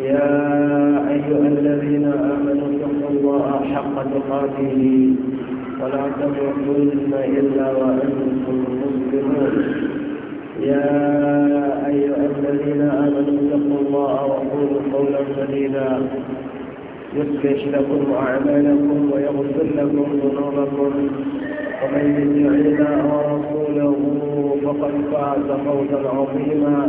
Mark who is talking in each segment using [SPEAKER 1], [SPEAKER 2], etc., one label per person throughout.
[SPEAKER 1] يا أيها الذين آمنوا اتقوا الله حق تقاته ولا تموتن إلا وأنتم مسلمون يا أيها الذين آمنوا اتقوا الله وقولوا قولا سديدا يصلح لكم أعمالكم ويغفر لكم ذنوبكم ومن يطع الله ورسوله فقد فاز فوزا عظيما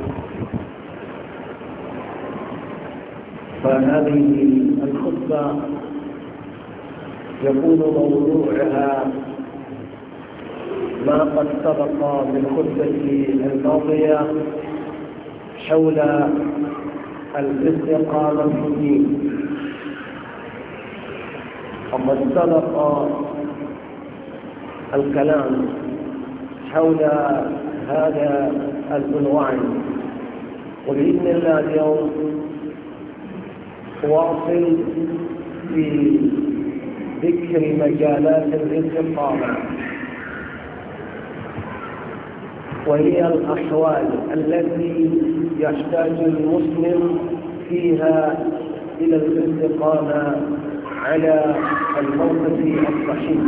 [SPEAKER 1] فهذه الخطبة يكون موضوعها ما قد سبق من خطبة الماضية حول الاستقامة في الدين وقد سبق الكلام حول هذا العنوان وبإذن الله اليوم واصل في ذكر مجالات الانتقام وهي الأحوال التي يحتاج المسلم فيها إلى الانتقام على الموقف الصحيح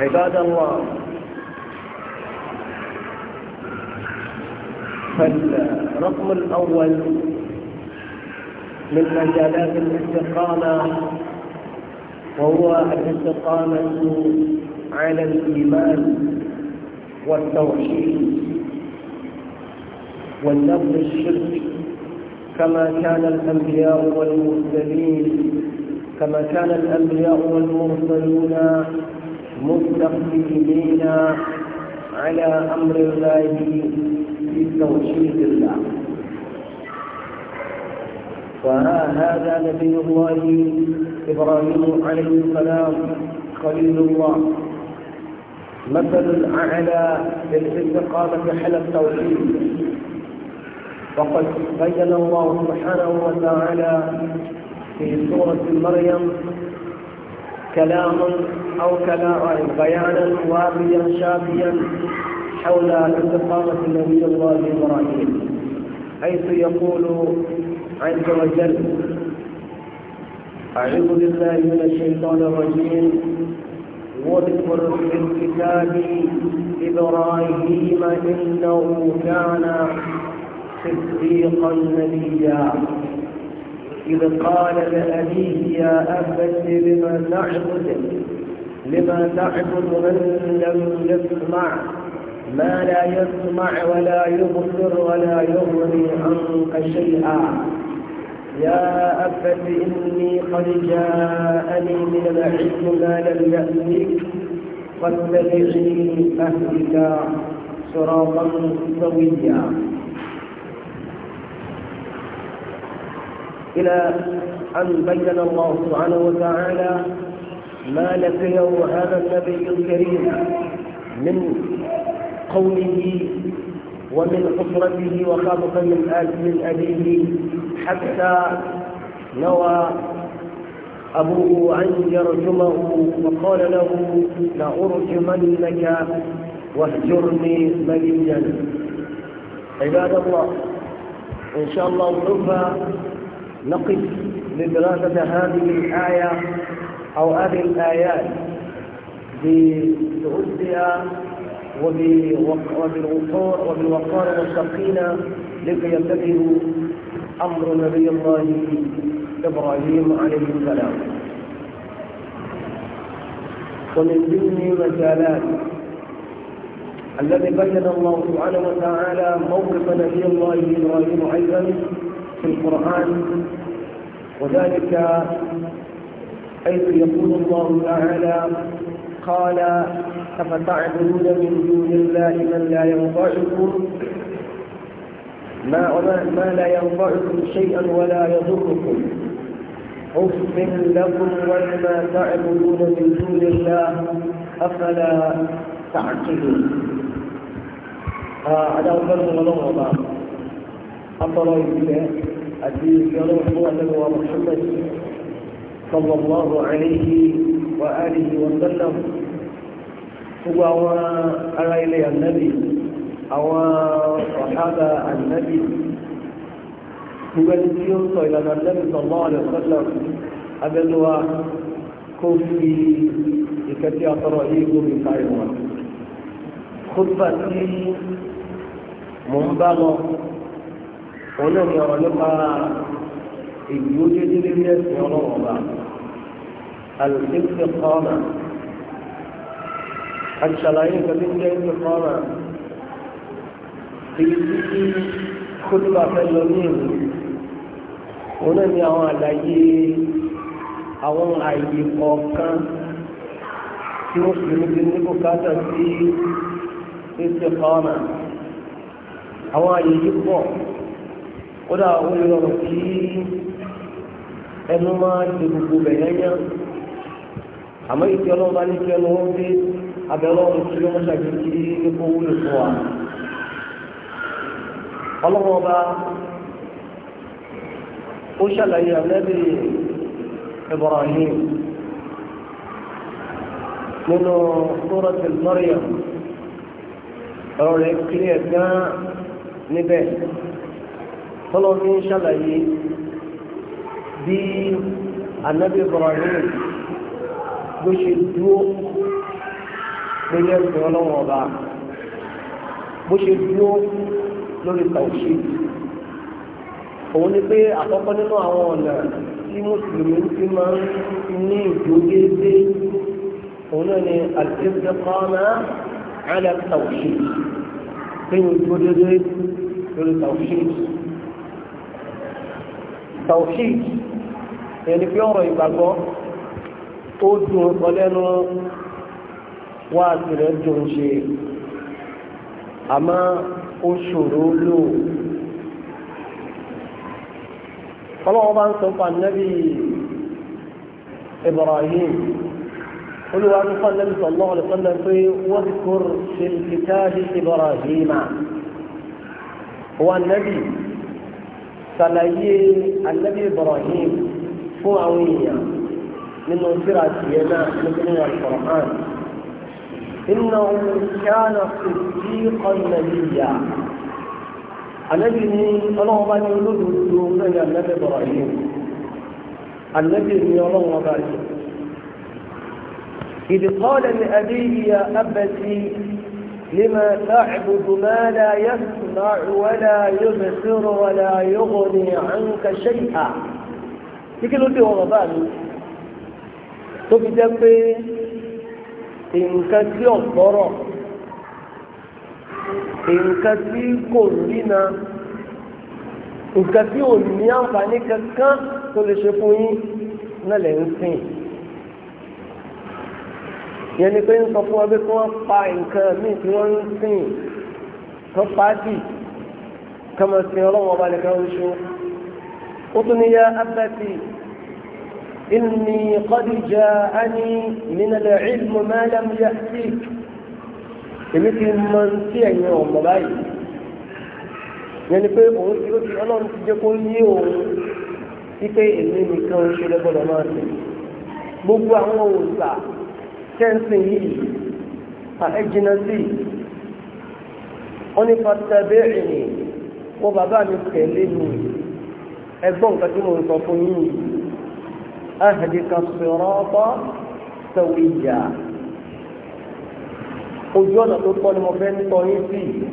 [SPEAKER 1] عباد الله فالرقم الأول من مجالات الاستقامة وهو الاستقامة على الإيمان والتوحيد والنفس الشرك كما كان الأنبياء والمرسلين كما كان الأنبياء والمرسلون مستقيمين على أمر الله في توحيد الله فها هذا نبي الله إبراهيم عليه السلام خليل الله مثل الأعلى للاستقامة حل التوحيد وقد بين الله سبحانه وتعالى في سورة مريم كلاما أو كلاما بيانا وافيا شافيا حول استقامة نبي الله إبراهيم حيث يقول عز وجل أعوذ بالله من الشيطان الرجيم واذكر في الكتاب إبراهيم إنه كان صديقا نبيا إذ قال لأبيه يا أبت لما تعبد لما تعبد من لم يسمع ما لا يسمع ولا يبصر ولا يغني عنك شيئا يا أبت إني قد جاءني من العلم ما لم يأتك فاتبعني أهلك صراطا سويا إلى أن بين الله سبحانه وتعالى ما لقيه هذا النبي الكريم من قوله ومن أسرته وخافة من أبيه حتى نوى أبوه أن يرجمه فقال له لأرجمنك واهجرني مليا عباد الله إن شاء الله سوف نقف لدراسة هذه الآية أو هذه الآيات بتؤديها وبالوقار وبالوقار والسقينة لكي يمتثل أمر نبي الله إبراهيم عليه السلام ومن ضمن مجالات الذي بين الله سبحانه وتعالى موقف نبي الله إبراهيم أيضا في القرآن
[SPEAKER 2] وذلك
[SPEAKER 1] حيث يقول الله تعالى قال أفتعبدون من دون الله من لا ينفعكم ما, ما لا ينفعكم شيئا ولا يضركم أفل لكم ولما تعبدون من دون الله أفلا تعقلون آه، هذا أول الله أطلع إلى الدين يرون هو ومحمد صلى الله عليه وآله وسلم gbogbo àwọn ará ilé ànábì àwọn ọ̀hábà ànábì gbogbo ẹni tí ó sọ ìlànà ànábì sallallahu alaihi wasallam abẹ́lúwa kó fi ìkẹ́tí àtọ́rọ̀ yìí gómi kárí wọn. kódà tí mò ń bá lọ òun náà ní ọ̀rọ̀ nípa ìdúró déédéé lórí ẹ̀sìn ọlọ́wọ́ ọba àlùfẹ́ ti kọ́ ọ̀nà àti ṣàlàyé nǹkan tó ń jẹ́ ìfẹ́kọ́rọ̀ èyí tí kí kótóbà fẹ́ lọ ní ìlú òun náà ni àwọn àlàyé àwọn àyè kọ̀ọ̀kan tí wọ́n fi ní bí níbo káàtà sí ìfẹ́kọ́rọ̀ àwọn àyè yìí pọ̀ kódà ó lè rọrùn ẹnu máa ṣe gbogbo bẹ̀yẹ́yẹ́ àmọ́ ìfẹ́ ọlọ́run bá ní kí ẹnu wọn abẹ́lọ́run tí wọ́n ṣàgbé kí ó wúlò fún wa ọlọ́wọ́ ọba ó ṣàlàyé àlẹ́bí Ibrahim nínú sóràtì Maryam ọ̀rọ̀ rẹ̀ kiri ẹ̀gá níbẹ̀ tọ́lọ́ ṣàlàyé bí ànábì Ibrahim bó ṣe dúró lórí ẹ̀sìn ọlọ́wọ́ ọba bó ṣe dúró lórí tàwùṣe òun ni pé àkọ́kọ́ nínú àwọn ọ̀nà tí mùsùlùmí ti máa ń ní ìdógédé òun náà ni àtẹ́sẹ̀ kọ́nà àlẹ́ tàwùṣe kéwòn tó dédé lórí tàwùṣe tàwùṣe ẹni pé ọ̀rọ̀ ìgbàgbọ́ ó dùn ọ̀pọ̀ lẹ́nu wá tirẹ̀ dùn ṣe àmọ́ ó ṣòro lò ọlọ́wọ́ bá ń sọ fún anábì Ibrahim olùwà ní fún anábì sallallahu alaihi wasallam pé wọ́n ti kúrò ṣe kitabi Ibrahim wọn anábì sàlàyé anábì Ibrahim fún àwọn èèyàn nínú síra tìyẹ náà nínú Al-Qur'an. إنه كان صديقا نبيا الذي الله ما يولد الدون إلى النبي إبراهيم النبي الله إذ قال لأبيه يا أبتي لما تعبد ما لا يسمع ولا يبصر ولا يغني عنك شيئا لكن لدي وغبان تبدأ nǹkan tí ọ̀pọ̀rọ̀ nǹkan tí kò rína nǹkan tí ò ní àǹfààní kankan tó lè ṣe fún yín náà lè ń sìn yẹn ni pé ń sọ fún wa pé kí wọ́n pa nǹkan míì tí wọ́n ń sìn tó pàdé kọ́mọ̀sìn ọlọ́wọ́ ọba nìkan ń ṣe ó tún ní yá ábẹ́tì. إني قد جاءني من العلم ما لم يأتيك مثل من سيئ يوم بلاي yẹn ni pé òun tí ó ti ọlọ́run ti jẹ́ kó yí òun wípé èmi nìkan ṣe lẹ́gbọ́dọ̀ máa sìn gbogbo àwọn òòṣà tẹ́ǹsìn yìí àẹ́jìnà sí wọ́n ní fatabẹ́ẹ̀rì wọ́n bàbá mi tẹ̀lé mi ẹgbọ́n nǹkan tí mo sọ fún yín yìí أهدك الصراط سويا ojú ọ̀nà tó tọ́ ni mo fẹ́ ń tọ́ yín sí i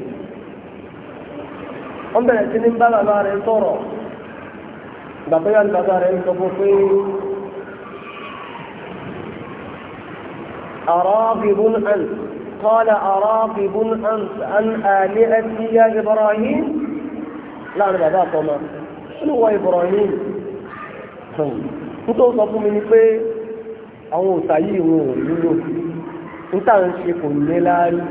[SPEAKER 1] wọ́n bẹ̀rẹ̀ sí ní bá rẹ̀ rẹ̀ أنت قال أراقب أنت عن آلهتي يا إبراهيم لا أنا بابا قوما شنو هو إبراهيم nítorí sọ fún mi ni pé àwọn òòṣà yìí wọn ò wúlò níta ń ṣe kò ní láárí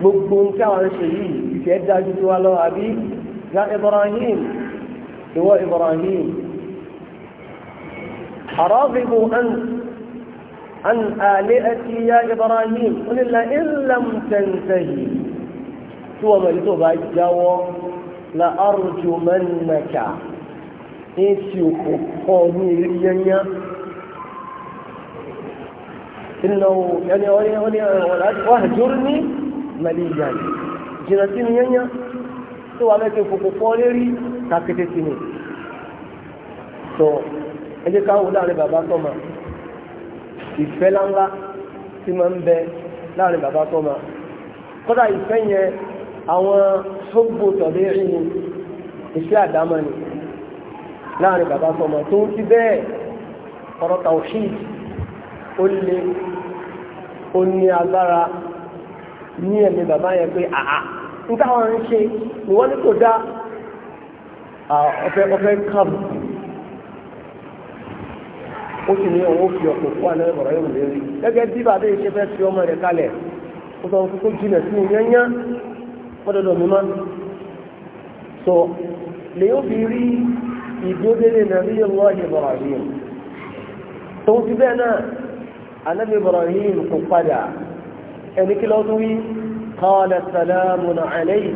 [SPEAKER 1] gbogbo ohun tí àwọn ṣe yìí ìfẹ́ dájú tí wá lọ àbí ya Ibrahim ìwọ Ibrahim àrọ́bìbò an àlé ẹtì ya Ibrahim onílà ìlàm tẹ̀ǹtẹ̀yì tí wọ́n mọ̀ ní tó bá jáwọ́ la arjumannaka. ń fi òkò kọ́ ní ya yányá ìnáwó ẹni ọ̀rẹ́ ní wà jùrù ní mẹ́lìyà jìnà sí ní yányá tó wà mẹ́kẹ́ òkò kọ́ lérí takété sí ni láàrin bàbá sọmọ tó ń ti bẹ́ẹ̀ ọ̀rọ̀ tawhid ó lè ó ní agbára ní ẹ̀mí bàbá yẹn pé àá ń táwọn ń ṣe ni wọ́n ní kò dá ọ̀fẹ́ ọ̀fẹ́ kàbù ó sì ní òun fi ọ̀pọ̀ fún àná ọ̀rọ̀ yóò lè gẹ́gẹ́ bí bàbá yìí ṣe fẹ́ fi ọmọ rẹ̀ kalẹ̀ ó sọ fún kó jìnà sí yányá fọ́dọ̀dọ̀ mi máa so lè yóò fi rí ìdúdélé nàbí Allah Ibrahim tó fi bẹ́ẹ̀ náà anábì Ibrahim kò padà ẹni kí lọ́dún wí qala salamun alayk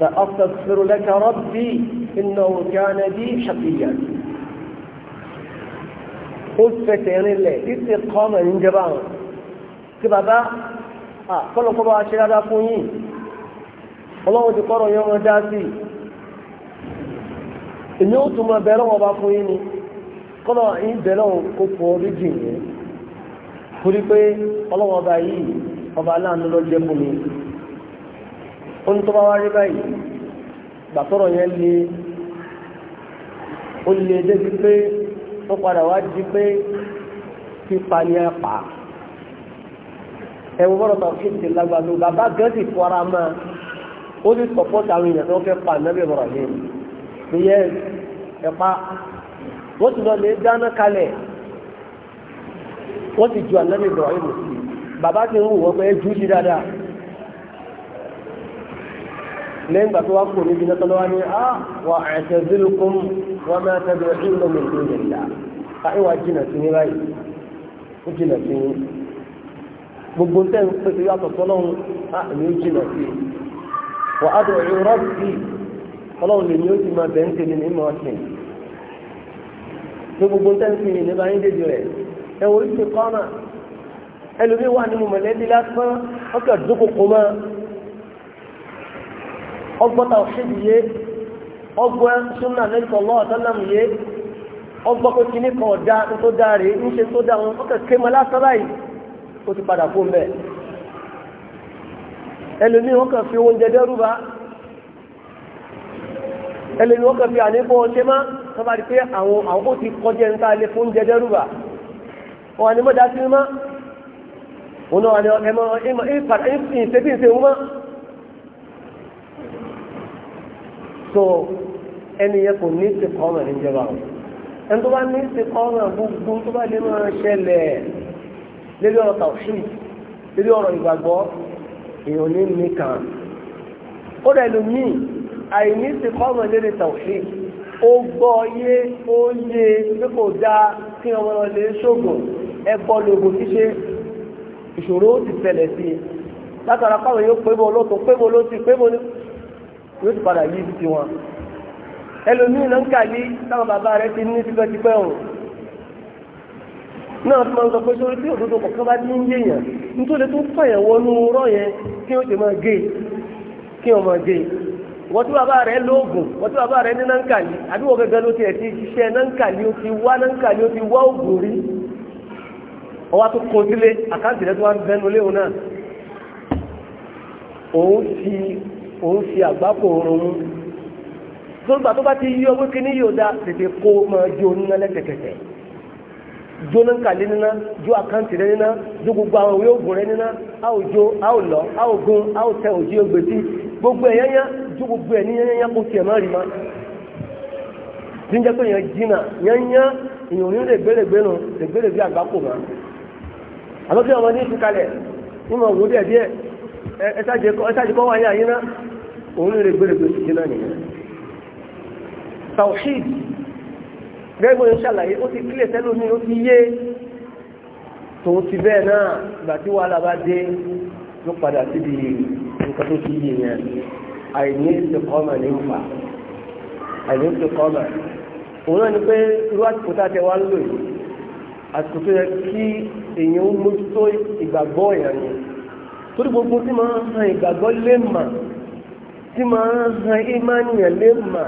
[SPEAKER 1] sa'astaghfiru laka rabbi innahu kana bi shaqiyya ó fẹsẹ̀ rinlẹ̀ títí kọ́mọ̀ ní jẹba hàn kí bàbá kọ́lọ́kọ́ bá ṣe dáadáa fún yìí ọlọ́run ti kọ́rọ̀ yẹn dá sí èmi ó tún mọ bẹ́ẹ̀ lọ́wọ́ bá fún yín ni kọ́nà yín bẹ́ẹ̀ lọ́wọ́ kó fọ oríjì torí pé ọlọ́wọ́ ọba yìí ọba aláàánú ló jẹ́ fún mi ó tó bá wá rí báyìí gbàtọ́rọ̀ yẹn le ó le débi pé ó padà wá di pé pípa ni pa ẹ̀wọ̀n bọ́dọ̀ tó kí n ti lágbàdo bàbá pé yẹ ẹ̀pá wọ́n ti lọ lè dáná kalẹ̀ wọ́n ti ju àlẹ́ Ibrahim sí bàbá ti ń wù wọ́n pé ẹ jù sí dáadáa lẹ́yìn ìgbà tó wá kúrò níbi náà tọ́lọ́wá ní ah, a wà àtẹ̀zílùkún wọ́n máa tẹ̀lé ìlú mi ní ìlà àìwá jìnà sí ní báyìí ó jìnà sí ní gbogbo tẹ́ ń pèsè yàtọ̀ tọ́lọ́hún a èmi jìnà sí wà á dọ̀ ìrọ́bì ọlọ́run lèmi ó ti máa bẹ̀ ń tèmi ní ìmọ̀ ọ̀sìn ní gbogbo tẹ́ǹsì yìí ní báyìí dédé rẹ̀ ẹ wò oríṣi kọ́nà ẹlòmíì wà nínú mọ̀lẹ́bí lásán ọkọ̀ dúkòkò mọ́ ọgbọ́ta òṣèlú yé ọgbọ́ súnà lẹ́yìn ọlọ́ ọ̀tọ́lámù yé ọgbọ́ pé kíní kan ọ̀dá tó dá rè é ńṣe tó dá wọn ọkọ̀ kémọ lásán báyìí ó ti padà fún bẹ́ẹ̀ ẹlòmíì wọn kàn fi oúnjẹ dẹ́rù bá ẹlẹ́ni wọ́n kàn fi àníbọ̀ ṣe má wọ́n bá rí pé àwọn àwọn ó ti kọjá ń ta ilé fún jẹjẹ rúbà wọn àní mọ́dá sí má wọn náà àní ẹmọ ìmọ̀ ìpàdé ìṣẹ́bí ìṣe wọn má. so ẹni yẹn kò ní ti kọ́ ọmọ níjọba o ẹni tó bá ní ti kọ́ ọmọ gbogbo tó bá lè máa ṣẹlẹ̀ lórí ọ̀rọ̀ tàwùsí lórí ọ̀rọ̀ ìgbàgbọ́ èèyàn ní nìkan ó rẹ̀ lómìn àìní ti kọ́mọ̀ lérí tàwí ó gbọ́ yé ó yé pé kò dáa kí ọmọ náà lè ṣògùn ẹ̀kọ́ lògùn ṣíṣe ìṣòro ó ti tẹ̀lẹ̀ sí i látara káwọn yóò pébò lóto pébò lóti pébò ní yóò ti padà yí ti wọn ẹlòmíì náà ń kà ní táwọn bàbá rẹ ti ní tipẹ́tipẹ́ ọ̀hún náà tí wọ́n sọ pé sórí tí òdodo kọ̀ọ̀kan bá ní yéèyàn nítorí tó fàyẹ̀wọ́ nú rọ́ yẹn kí ó ti máa gé kí ó máa gé wọ́n tí bàbá rẹ̀ lóògùn wọ́n tí bàbá rẹ̀ ní nankali àdúgbò gẹ́gẹ́ ló ti ẹ̀ ti ṣiṣẹ́ nankali ó ti wá nankali ó ti wá ògùn rí ọwá tó kó sílé àkáǹtì rẹ̀ tó wá ń bẹnu léwu náà òun fi òun fi àgbákò ronú lóògbà tó bá ti yí ọwọ́ kíní yóò da tètè kó máa jó níná lẹ́tẹ̀kẹ̀tẹ̀ jó nankali níná jó àkáǹtì rẹ̀ níná jó gbogbo àwọn òwe ògùn rẹ̀ níná á ò jó á ò lọ á ò gún á ò tẹ òjì ògbèsí gbogbo ẹ̀yẹ́yẹ́ jó gbogbo ẹ̀ ní yányá kó tiẹ̀ má rí ma tí ń jẹ́ pé yẹn jìnnà yányá èèyàn ní lè gbélé gbé nu lè gbélé bí àgbákò ma àmọ́ kí ọmọdé ti kalẹ̀ ní ma wò díẹ̀ díẹ̀ ẹ̀ẹ́dájẹ́ kọ́ wáyé àyíná òun lè gbélé gbé jìnnà nìyẹn tawhid gẹ́gbọ́n yóò ṣàlàyé ó ti kílẹ̀ sẹ́lómi ó ti yé tòun ti bẹ́ẹ̀ náà ìgbà tí wàhálà bá dé ló padà síbi nǹkan tó ti yé yẹn àìní ìsìnkọ́mọ̀ ní ìfà àìní ìsìnkọ́mọ̀ òun náà ni pé irú àsìkò tá a ti wá ń lò yìí àsìkò tó yẹ kí èèyàn ń mójútó ìgbàgbọ́ èèyàn ni torí gbogbo tí máa ń han ìgbàgbọ́ lé mà tí máa ń han ìmánìyàn lé mà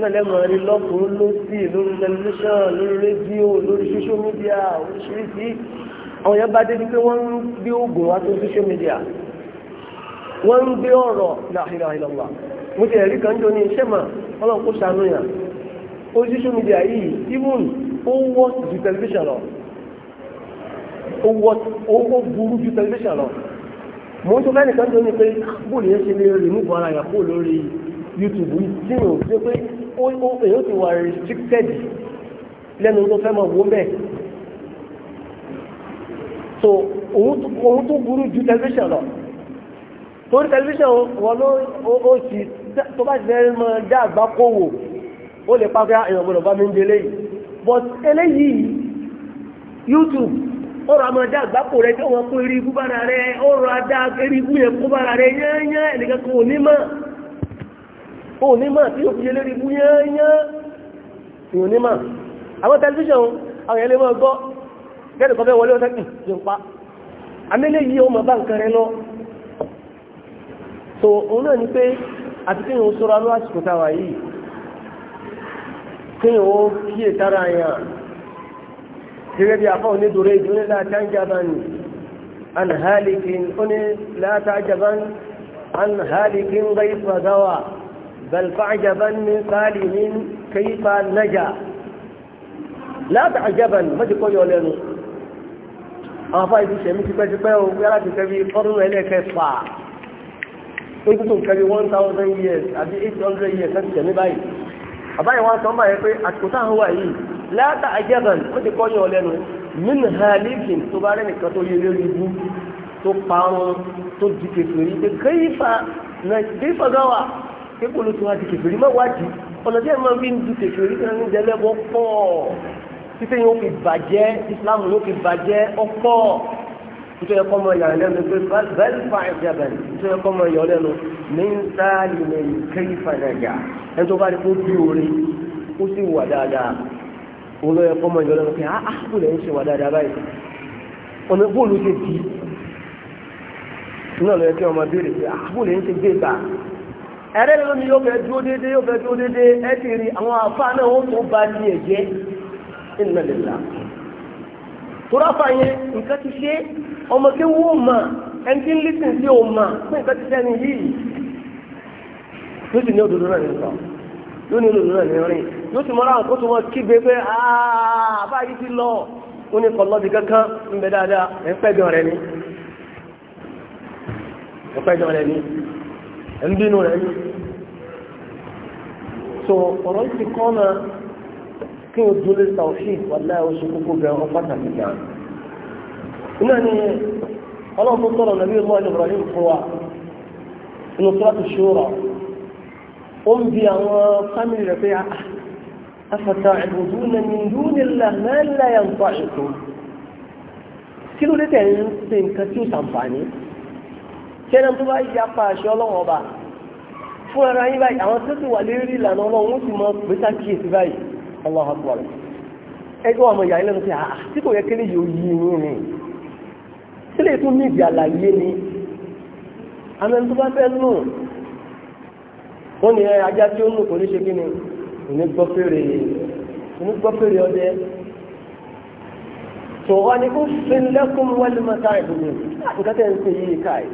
[SPEAKER 1] náà lẹ́mọ̀ rí lọ́kùnrin lọ́sí lórí tẹlifíṣàn lórí rédíò lórí social media oríṣiríṣi àwọn yẹn bá débi pé wọ́n ń gbé oògùn wá sí social media wọ́n ń gbé ọ̀rọ̀ láàrin àìlọ́wà mo ti ẹ̀rí kan jọ ní iṣẹ́ mà ọlọ́run kó ṣàánú yàn ó social media yìí even ó wọ́ ju tẹlifíṣàn lọ ó burú ju tẹlifíṣàn lọ mo ń tó fẹ́ẹ́ nìkan jọ ní pé ah, bóòlù yẹn ṣe lè remove ara yàn kó lórí YouTube tí mo ṣe pé èyí ó ti wà restricted lẹ́nu tó fẹ́ mọ̀ wó bẹ́ẹ̀ so òun tó burú ju tẹlifíṣàn lọ torí tẹlifíṣàn wọn ló ó ti tó bá ti fẹ́ mọ dá àgbákòwò ó lè pápá èèyàn gbọdọ̀ bá mi ń délé yìí but eléyìí YouTube ó rọ àmọ́ dá àgbákò rẹ kí wọ́n kó eré ibú bára rẹ ó rọ adá eré ibú yẹn kó bára rẹ yányán ẹnìkan kò ní mọ̀ ò ní mọ̀ tí yóò fi eléré ibú yányán ìwọ̀n ní mọ̀ àwọn tẹlifíṣàn àwọn so òun náà ni pé àti kéèyàn ó sọ́ra ló àsìkò táwa yìí kéèyàn ó kíyè tára yàn gẹ́gẹ́ bí afọ́ onídòrò èdè ó ní láti àjàbán an halikin ó ní láti àjàbán an halikin gaifa gawa bal fa'jaban min salimin kayfa láti àjàbán mọ́jì kọ́ yọ lẹ́nu àwọn afọ́ ìdíṣẹ́ mi ti pẹ́ ti pẹ́ o yára ti tẹ́ bí ọdún ẹlẹ́kẹfà pé tó nǹkan one thousand years àbí eight hundred years láti tẹ̀lé báyìí àbáyé wọn sọ báyìí pé àsìkò táwọn wà yìí láta àjẹgàn ó ti kọ́ yàn lẹ́nu nínú halikin tó bá rẹ́nì kan tó yẹ lórí ibú tó parun tó di kèfèrí pé kéyìfà náà kéyìfà gan wà kékeré tó wá di kèfèrí má wádìí ọ̀nà tí ẹ̀ máa fi ń di kèfèrí kan ní ìdẹ́lẹ́bọ̀ pọ̀ títí yóò fi bàjẹ́ Islam yóò fi bàjẹ́ ọ̀pọ̀. tó yẹ kọ́ mọ ìyàrá lẹ́nu na bẹ́ẹ̀lì fa ìjẹ̀bẹ̀ tó yẹ kọ́ mọ ìyọ̀ lẹ́nu ní ń sáàlì ní kéyì fàdàjà ẹni tó bá rí kó bí orí ó sì wà dáadáa òun ló lọ ọmọ ah, ah, ń ṣe ah, yóò dúró yóò dúró ẹ ti rí àwọn náà ó tó ní ẹ̀jẹ̀ tòráfà yẹn nǹkan ti ṣe ọmọ tí wọ́n mà ẹni tí ń lísìn sí o mà fún nǹkan ti sẹ́ni yìí yóò sì ní òdodo náà nìkan yóò ní òdodo náà nìrin yóò sì mọ́ra àwọn tó mọ́ kígbe pé àbá yìí ti lọ ó ní kọ̀lọ́bì kankan ń bẹ dáadáa ẹ̀ ń pẹ́jọ rẹ ni ẹ̀ ń pẹ́jọ rẹ ni ẹ̀ ń bínú rẹ ni so ọ̀rọ̀ ti kọ́ náà kí o dúró tawhid wàlá o ṣe kókó bẹ ọ pàtàkì gan. iná ni ọlọ́run tó tọrọ nàbí ọmọ Ibrahim fún wa inú Suratu Shura ó ń bi àwọn fámìlì rẹ̀ pé ah, afata ìbùdó min dunillah ma la yanfa'ukum kí ló dé tẹ̀ ń ṣe nǹkan tí ó ṣàǹfààní kẹ́nà tó bá yà pa àṣẹ ọlọ́wọ́n ọba fún ara yín báyìí àwọn tó ti wà lérí ìlànà ọlọ́run ó sì mọ pé sákìyèsí Allahu Akbar ẹgbẹ́ ọmọ ìyá ilẹ́nu pé àà ah, ah, tí kò yẹ kéré yóò yí irun ni sílẹ̀ tún ní ìdí àlàyé ni àmì ẹni tó bá fẹ́ nù wọ́n ní ajá tí ó nù kò ní ṣe kí ni òní gbọ́ ọdẹ tó wá ní kó fi lẹ́kùn wálé mọ́ta ìdùnnú ah, nǹkan tẹ́ ń sìn yìí káì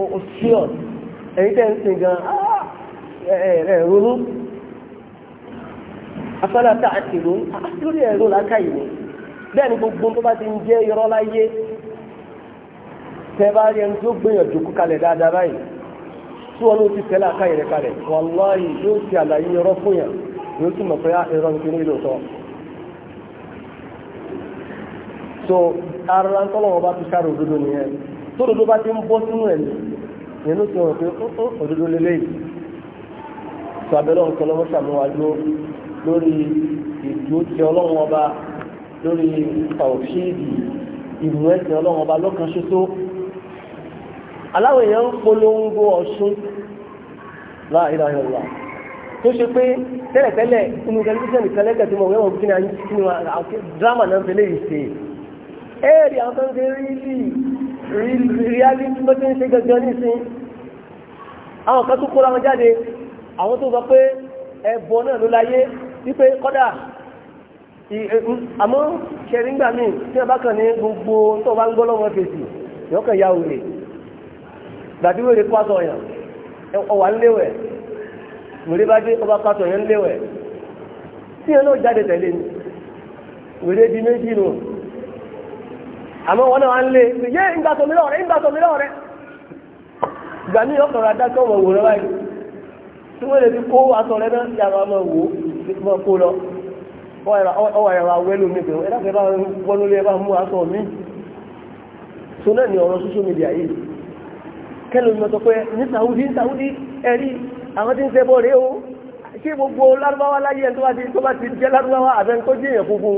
[SPEAKER 1] ó sí ọ̀ ẹ̀yìn tẹ́ ń sìn gan-an ẹ̀ẹ̀ ronú afẹ́lẹ́ tá a ti lóyún ah, ah, lórí ẹ̀rọ làákà yìí ni bẹ́ẹ̀ ni gbogbo tó bá ti ń jẹ́ irọ́ láyé tẹ́ bá rí ẹni tó gbìyànjú kú kalẹ̀ dáadáa báyìí tí wọn ló ti tẹ́ làákà yìí rẹ̀ kalẹ̀ wàláhì yóò ti àlàyé irọ́ fún yàn yóò sì mọ̀ pé ah, irọ́ ni kí ní ìlú sọ. so ara ń tọ́lọ̀ wọn bá fi sáré òdodo nìyẹn tó òdodo bá ti ń bọ́ sínú ẹ̀mí ìyẹn ló ti hàn pé oh, oh, oh, òdodo lélẹ́yìí lórí ìdúró ti ọlọ́run ọba lórí ọ̀ṣíìdì ìmú ẹ̀sìn ọlọ́run ọba lọ́kàn ṣoṣo aláwọ̀ èèyàn ń polongo ọ̀ṣun láìláyọ̀lá tó ṣe pé tẹ́lẹ̀tẹ́lẹ̀ inú tẹlifíṣàn ìkẹlẹ́kẹ̀ tí mo wẹ́ wọn kí ni drama náà fẹ́lẹ́ yìí ṣe ẹ̀ẹ́dì àwọn tó ń ṣe rílì reality bó ti ń ṣe gẹ́gẹ́ nísìn àwọn kan tó kóra wọn jáde àwọn tó sọ pé ẹbọ náà ló láyé wípé kọ́dà àmọ́ ṣẹ̀rí ńgbà míì tí wọ́n bá ní gbogbo tó bá ń gbọ́ lọ́wọ́ fèsì yọkàn ya òwe gbàdí wèrè kó aṣọ yàn ọwà ńléwẹ̀ wèrè bá dé ọba kó aṣọ yàn ńléwẹ̀ tí yẹn náà jáde tẹ̀lé ni wèrè di méjì nù àmọ́ wọn náà wá ń lé yé ìgbà tó mi lọ́wọ́ rẹ̀ ìgbà ní ọkàn ọmọ mọ́ kó lọ ọwọ́ ẹ̀rọ awẹ́lú mi pẹ̀lú ẹ̀dáfẹ́ bá wọnú lé bá mú aṣọ mi so náà ni ọ̀rọ̀ social media yìí kẹ́lò mi sọ pé ní Saudi ní Saudi ẹ̀rí àwọn tí ń ṣe bọ́ rèé o ṣé gbogbo lárúbáwá láyé ẹni tó bá ti jẹ́ lárúbáwá àbẹ́ni tó jẹ́ èèyàn gbogbo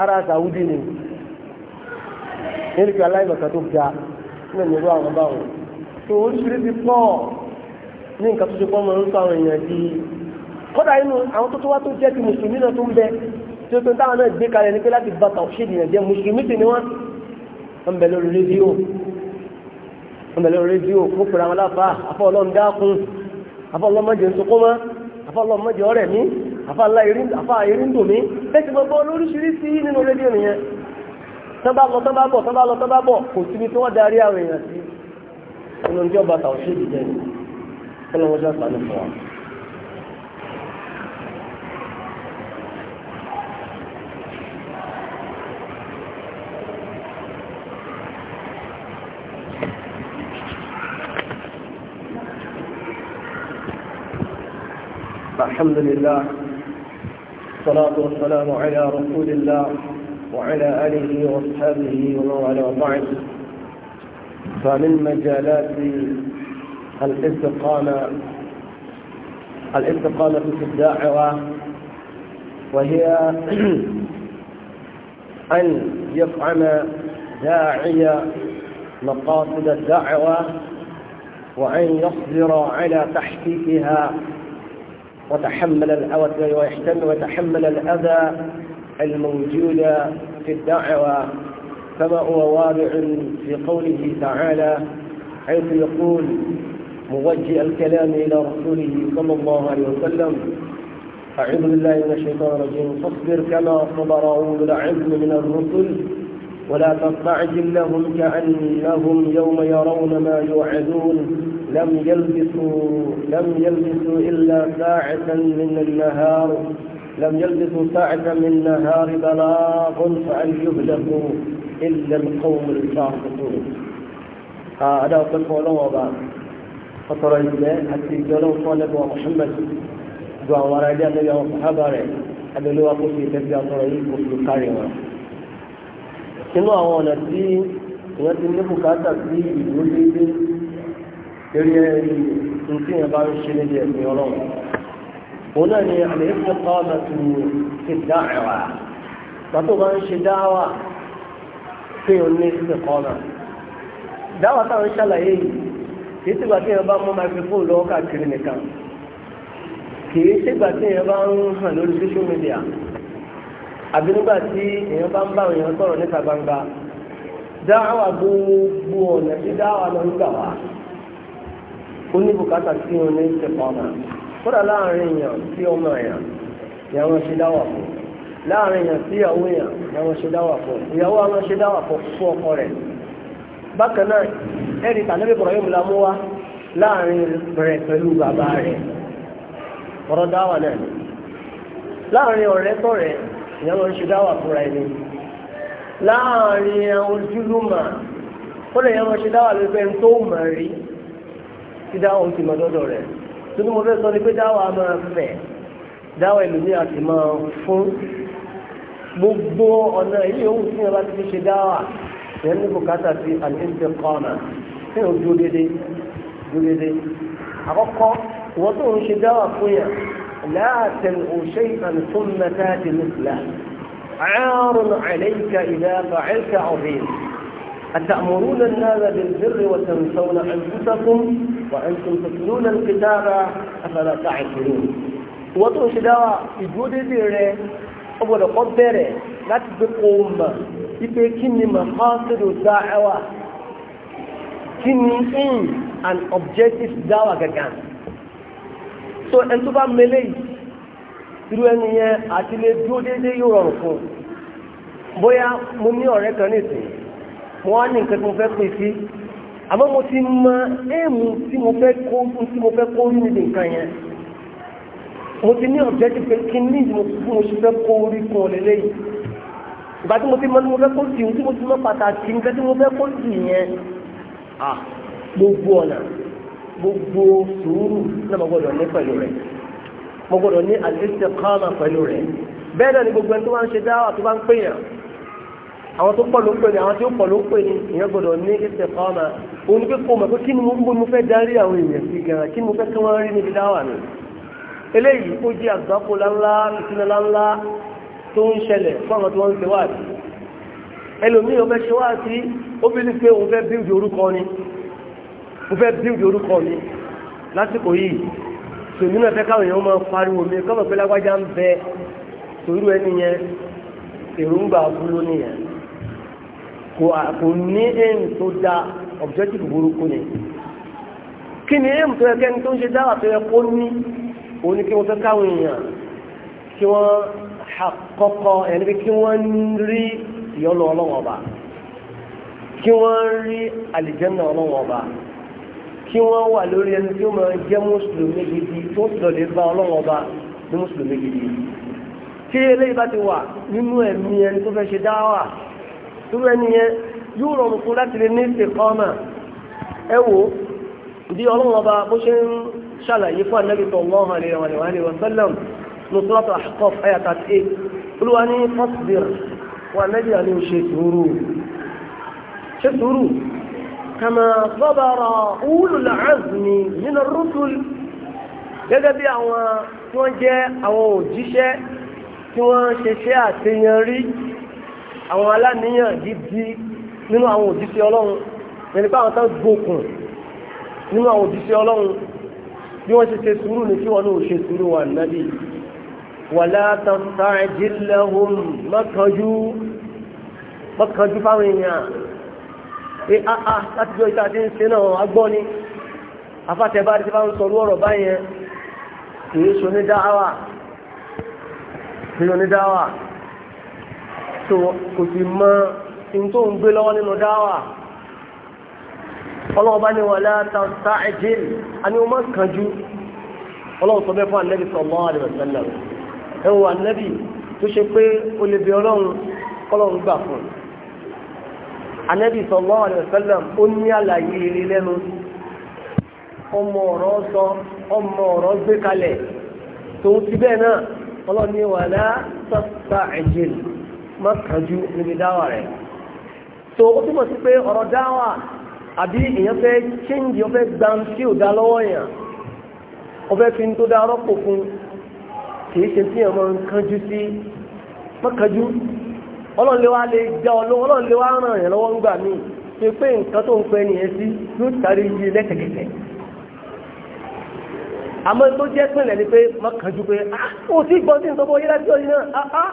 [SPEAKER 1] ara Saudi ni nílùú aláìmọ̀kan tó ga náà ní irú àwọn báwọn tó oríṣiríṣi pọ̀ ní nǹkan tó ṣe pọ́ mọ́ orúkọ àwọn kódà inú àwọn tó tó wá tó jẹ́ ti mùsùlùmí náà tó ń bẹ tí ó tó ń táwọn náà gbé kalẹ̀ ní pé láti bá tàwùsí ìdìyàn jẹ́ mùsùlùmí sì ni wọ́n ń bẹ lórí rédíò ń bẹ lórí rédíò fún pèrè àwọn aláfa afọ ọlọ́run dákun afọ ọlọ́run mọ́jẹ ń sokó mọ́ afọ ọlọ́run mọ́jẹ ọ̀rẹ́ mi afọ àìríndò mi bẹ́ẹ̀ ti mọ bọ́ lóríṣiríṣi nínú rédíò nìyẹn tán bá lọ tán bá bọ̀ tán bá lọ tán bá bọ̀ kò ni ọlọ́run ṣe àṣà ní fún الحمد لله الصلاة والسلام على رسول الله وعلى آله وأصحابه ومن والاه فمن مجالات الاستقامة الاستقامة في الدعوة وهي أن يفعم داعي مقاصد الدعوة وأن يصبر على تحقيقها وتحمل الأوثر ويحتمل وتحمل الأذى الموجود في الدعوة كما هو واضع في قوله تعالى حيث يقول موجه الكلام إلى رسوله صلى الله عليه وسلم أعوذ بالله من الشيطان الرجيم فاصبر كما صبر أولو العزم من الرسل ولا تستعجل لهم كأنهم يوم يرون ما يوعدون لم يلبثوا لم يلبثوا إلا ساعة من النهار لم يلبثوا ساعة من النهار بلاغ فأن يهلكوا إلا القوم الفاسقون هذا قلت ولو أبا فطر الجماعة حتى يجلوا صلب ومحمد دعا وراجع النبي وصحابه أبي لو أقول في تبقى طريق وفي القرية كنوا أولا تي ونتنبو كاتا في الوجود lórí ẹ̀rí tí yẹn bá ń ṣe níbi ẹ̀sìn ọlọ́run òun náà ni àmì ìfẹ́ pàwọ́dà tó ti dá ẹ̀wà pàtó bá ń ṣe dáwà tí yẹn ní ìfẹ́ pàwọ́dà dáwà táwọn ṣàlàyé yìí kìí sígbà tí yẹn bá mú microphone lọ́wọ́ káàkiri nìkan kìí sígbà tí yẹn ń hàn lórí social media àbí tí èèyàn bá ń bá èèyàn sọ̀rọ̀ níta gbangba dáwà gbogbo ọ̀nà tí dáwà lọ ó ní bùkátà sí wọn ní ìṣẹ̀pọ̀nà kódà láàrin èèyàn sí ọmọ èèyàn ni àwọn ṣe dáwà fún láàrin èèyàn sí ìyàwó èèyàn ni àwọn ṣe dáwà fún ìyàwó àwọn ṣe dáwà fún fún ọkọ rẹ̀ bákan náà ẹ̀rí tàbí bọ̀rọ̀ yóò mú wá láàrin rẹ̀ pẹ̀lú bàbá rẹ̀ ọ̀rọ̀ dáwà náà ni láàrin ọ̀rẹ́ tọ̀rẹ́ ni àwọn ṣe dáwà fúnra ẹni láàrin àwọn ojúlùmọ̀ kódà ìyàwó ṣe dáwà lórí tó mọ̀ rí tí dáwọ̀ ń ti mọ dọ́dọ̀ rẹ̀ tó ní mo fẹ́ sọ ni pé dáwọ̀ a máa fẹ̀ dáwọ̀ ìlú ní àti máa fún gbogbo ọ̀nà ilé òun tí wọ́n bá ti fi ṣe dáwà yẹn ní bùkátà sí àlẹ́ǹtẹ̀ kọ́ọ̀nà tí ó dúró dédé dúró dédé àkọ́kọ́ wọ́n tó ń ṣe dáwà fún yà láàtẹ̀n òṣè àǹtún mẹ́ta ti nìkìlá عار عليك إذا فعلت عظيم أتأمرون الناس بالبر وتنسون أنفسكم وأنتم تتلون الكتاب أفلا تعقلون wọ́n tó ń ṣe dáwà ìdúródédé rẹ ọgbọ̀dọ̀ kọ́ bẹ̀rẹ̀ láti gbé kó o mọ̀ ipe kí ni mahasidu dáhẹ́wà kí ni in an objective dáwà gàgàn so ẹn tó bá mẹlẹ́ yìí irú ẹni yẹn àti lè dúródédé yóò rọrùn fún bóyá mo ní ọ̀rẹ́ kan nìsín mo wá ní nǹkan tó fẹ́ pè sí àmọ́ mo ti mọ éèmù tí mo fẹ́ kó tí mo fẹ́ kó níbi nǹkan yẹn mo ti ní objective pé kí ní ìdí mo ṣe fẹ́ kó orí fún ọ lélẹ́yìn ìgbà tí mo ti mọ tí mo fẹ́ kó sí tí mo ti mọ pàtàkì nǹkan tí mo fẹ́ kó sí yẹn gbogbo ọ̀nà gbogbo sùúrù náà mo gbọ́dọ̀ ní pẹ̀lú rẹ̀ mo gbọ́dọ̀ ní àdéhùn kọ́ọ̀mà pẹ̀lú rẹ̀ bẹ́ẹ̀ náà ni gbogbo ẹni tó bá ń ṣe dáwà tó bá ń pèèyàn àwọn tó pọ̀ ló ń pè ní àwọn tí ó pọ̀ ló ń pè ní ìyẹn gbọ́dọ̀ ní ìṣẹ̀ fáwọn òun ni pé kó mọ̀ pé kí ni mo fẹ́ darí àwọn èèyàn sí gan-an kí ni mo fẹ́ kí wọ́n rí níbi dáwà mi eléyìí ó jẹ́ àgbákò láńlá ìsinmi láńlá tó ń ṣẹlẹ̀ fún àwọn tí wọ́n ń ṣe wáàtí ẹlòmíì ó fẹ́ ṣe wáàtí ó fi ní pé òun fẹ́ bíúdì orúkọ ni mo fẹ́ bíúdì orúkọ mi lásìkò yìí tòun náà fẹ́ káwọn èèyàn máa pariwo mi kọ́mọ̀ pé lágbájá ń bẹ kò ní aim tó dá objective burúkú ni kí ni aim tó ẹkẹ́ni tó ń ṣe dáwà tó yẹ kó ní òun ni kí wọ́n fẹ́ káwọn èèyàn kí wọ́n àkọ́kọ́ ẹni pé kí wọ́n rí ìyọ́nà ọlọ́wọ́ ọba kí wọ́n rí àlìjẹ́nà ọlọ́wọ́ ọba kí wọ́n wà lórí ẹni tí ó máa jẹ́ mùsùlùmí gidi tó sọ̀lẹ̀ bá ọlọ́wọ́ ní mùsùlùmí gidi tí eléyìí bá ti wà nínú ẹ̀mí ẹni tó fẹ́ ṣe dáwà irú ẹni yẹn yóò rọrùn fún láti lè ní ìsèkọ́mà ẹ wò bí ọlọ́run ọba bó ṣe ń ṣàlàyé fún anábì sallallahu alaihi wa sallam nùsọ́lọ́tọ̀ Ahqaf àyà 38 olúwa ní fọ́sibìr wà anábì àní ṣe sùúrù ṣe sùúrù kàmà sabara ulul azmi minar rusul gẹ́gẹ́ bí àwọn tí wọ́n jẹ́ àwọn òjíṣẹ́ tí wọ́n ṣe ṣe àṣeyọrí àwọn aláníyàn gidi nínú àwọn òjíṣẹ́ ọlọ́run ẹni pé àwọn tán gbókùn nínú àwọn òjíṣẹ́ ọlọ́run bí wọ́n ṣe ṣe sùúrù ní kí wọ́n náà ṣe sùúrù wà nábì wàlá tastajil lahum mọ́kànjú mọ́kànjú fáwọn èèyàn pé áá ah, ah, láti jọ ìta tí ń ṣe náà agbọ́ ni afátẹ́bá ti bá sọ lọ́rọ̀ báyẹn kìí ṣonídáwà so kò sì mọ ohun tó ń gbé lọ́wọ́ nínú dáwà ọlọ́wọ́ bá ní wọn láta sá ẹ̀jẹ̀ a ní wọn máa kánjú ọlọ́wọ́ sọ bẹ́ẹ̀ fún anẹ́bí sallallahu alaihi wasallam ẹ wo anẹ́bí tó ṣe pé o lè bẹ ọlọ́run ọlọ́run gbà ọmọ ọ̀rọ̀ sọ ọmọ ọ̀rọ̀ gbé kalẹ̀ tòun ti bẹ́ẹ̀ náà ọlọ́ni wàlá sọ́sà ẹ̀jẹ̀ má kánjú níbi dáwà rẹ̀ so ó túmọ̀ sí pé ọ̀rọ̀ dáwà àbí èèyàn fẹ́ change ó fẹ́ gba tí ò dá lọ́wọ́ yàn ó fẹ́ fi tó dá rọ́pò fún kìí ṣe tí èèyàn máa ń kánjú sí má kánjú lè já ọlọ́run ọlọ́run lè wá ràn yàn lọ́wọ́ ńgbà míì ṣe pé nǹkan tó ń pẹ́ nìyẹn sí yóò sáré yí lẹ́sẹ̀kẹsẹ̀ àmọ́ tó jẹ́ pínlẹ̀ ni pé má kánjú pé ah ó sì gbọ́ sí nǹkan bó yẹ láti ọ̀yìn náà ah ah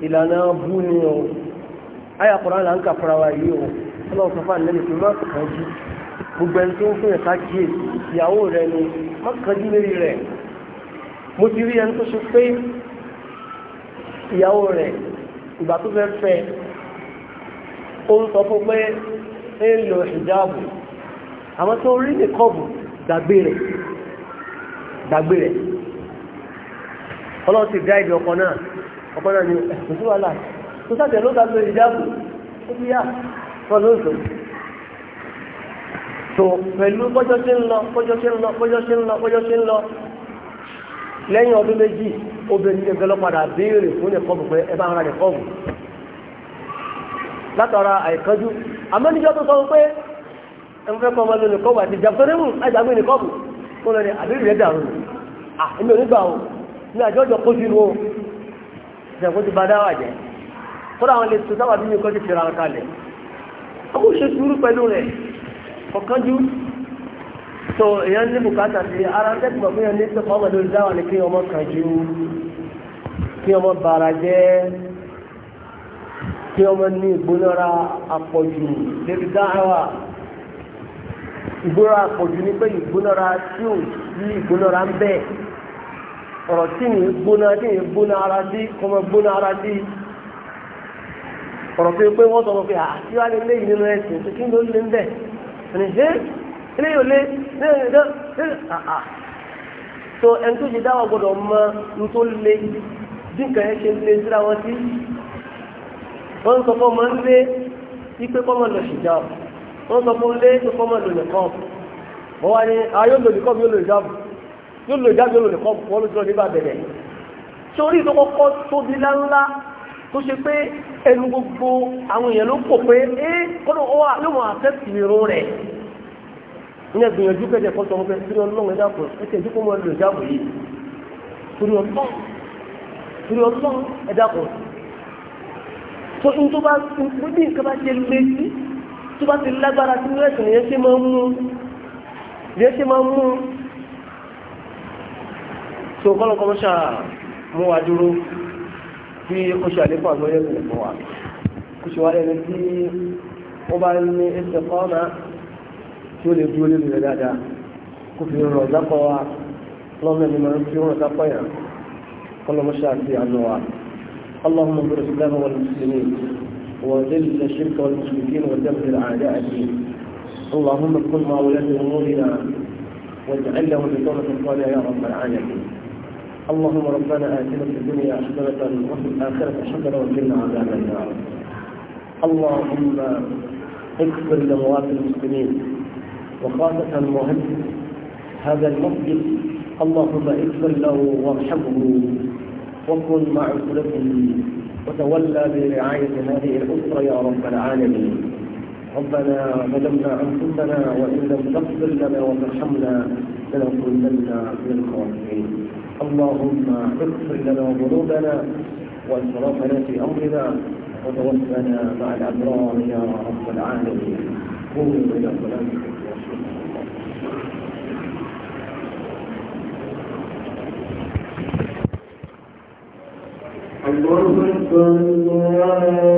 [SPEAKER 1] ìlànà bú ni o àyà kọ̀ọ̀rọ̀ ń wa yìí o ọlọ́run sọ fún àlẹ́lẹ́ pé má kànjú gbogbo ẹni tó ìyàwó rẹ ni má kànjú lérí rẹ mo ti rí ẹni tó ṣe pé rẹ ìgbà tó fẹ́ fẹ́ ó ń sọ fún pé ẹ ń lo ìjáàbù tó rí ní kọ́ọ̀bù ọkọ náà ọ̀pọ̀lọ̀ ni ẹ̀sùn tó wà láà tó sáàtẹ̀ ló dájú ìjábù ó bí yá sọ lóòsò tó pẹ̀lú bọ́jọ́ ṣe ń lọ bọ́jọ́ ṣe ń lọ bọ́jọ́ ṣe ń lọ bọ́jọ́ ṣe ń lọ lẹ́yìn ọdún méjì obìnrin ní ẹgbẹ́ lọ́padà béèrè fún ẹ̀kọ́ bù pé ẹ bá ara ẹ̀kọ́ bù látara àìkánjú àmọ́ níjọ́ tó sọ pé ẹ̀mú kọ́ ọmọ lónìí kọ́ bù àti jàpẹ́rẹ́mù àjàgbé nìkọ́ bù kó lọ ní àbí rẹ̀ dàrú à èmi ò nígbà o ní àjọ́jọ́ kó sínú o ìṣẹ̀kú ti bá dáwà jẹ́ kọ́lá àwọn lè tó dáwà bí mi kọ́ ti fìrà kalẹ̀ ọkùn ṣe túrú pẹ̀lú rẹ̀ ọ̀kanjú tó èyàn ní bùkátà sí ara tẹ́kùnmọ̀ fún yẹn ní pẹ̀lú ọmọ lórí dáwà ní kí ọmọ kanjú kí ọmọ bàrà jẹ́ kí ọmọ ọ̀rọ̀ tí ní gbóná tí ní gbóná ara dí ọmọ gbóná ara dí ọ̀rọ̀ pé pé wọ́n sọ wọn pé àtiwálé ah, léyìí nínú ẹ̀sìn tó kí ló lé ń bẹ̀ ẹni ṣe eléyìí ò lé léyìí lé àà tó ẹni tó ṣe dáwọ́ gbọ́dọ̀ mọ ní tó lé bí nǹkan ẹ̀ ṣe lé síra wọn sí wọ́n sọ fọ́ máa ń lé ipe kọ́ máa lọ ṣìjà wọ́n sọ fọ́ lé ipe kọ́ lọ nìkan wọ́n wá ní ayé olùdíkọ́ mi olùdíkọ́ yóò lò ìdájọ́ lò nìkan wọ́n lójú ọdún bá bẹ̀rẹ̀ sórí tó kọ́kọ́ tóbi láńlá tó ṣe pé ẹnu gbogbo àwọn èèyàn ló pọ̀ pé é kọ́nà ó wà ló mọ̀ àfẹ́sì irun rẹ̀ ní ẹgbìyànjú kẹ́jẹ̀ kọ́ sọmọ́ pé torí ọlọ́run ẹ̀dá kù ẹ̀kẹ́ ìdíkọ́ mọ́ lò ìjáàbò yìí torí ọlọ́run ẹ̀dá kù tó ń tó bá ń bí nǹkan bá ṣe lé sí tó bá ti lágbára sí ẹ̀sìn yẹn ṣe máa ń mú so kọ́lọ̀ kọ́ ṣà mú wa dúró bí ó ṣe àlékún àgbọ́yé rẹ̀ fún wa kò ṣe wá ẹni tí ó bá ní ẹsẹ̀ kọ́ọ̀nà tí ó lè dúró lórí rẹ̀ dáadáa kò fi rọ̀ dápọ̀ wa lọ́nà ẹni máa ń fi rọ̀ dápọ̀ yàn kọ́lọ̀ mọ́ sí àánú wa اللهم انصر الاسلام والمسلمين وذل الشرك والمشركين ودمر اعداء الدين اللهم كن مع ولاة امورنا واجعل لهم بطولة صالحة يا رب العالمين اللهم ربنا آتنا في الدنيا حسنة وفي الآخرة حسنة وقنا عذاب النار اللهم اغفر لموات المسلمين وخاصة مهم هذا المسجد اللهم اغفر له وارحمه وكن مع أسرته وتولى برعاية هذه الأسرة يا رب العالمين ربنا ظلمنا أنفسنا وإن لم تغفر لنا وترحمنا لنكونن من الخاسرين اللهم اغفر لنا ذنوبنا واسرافنا في امرنا وتوفنا مع الابرار يا رب العالمين قوموا الى صلاتكم الله أكبر الله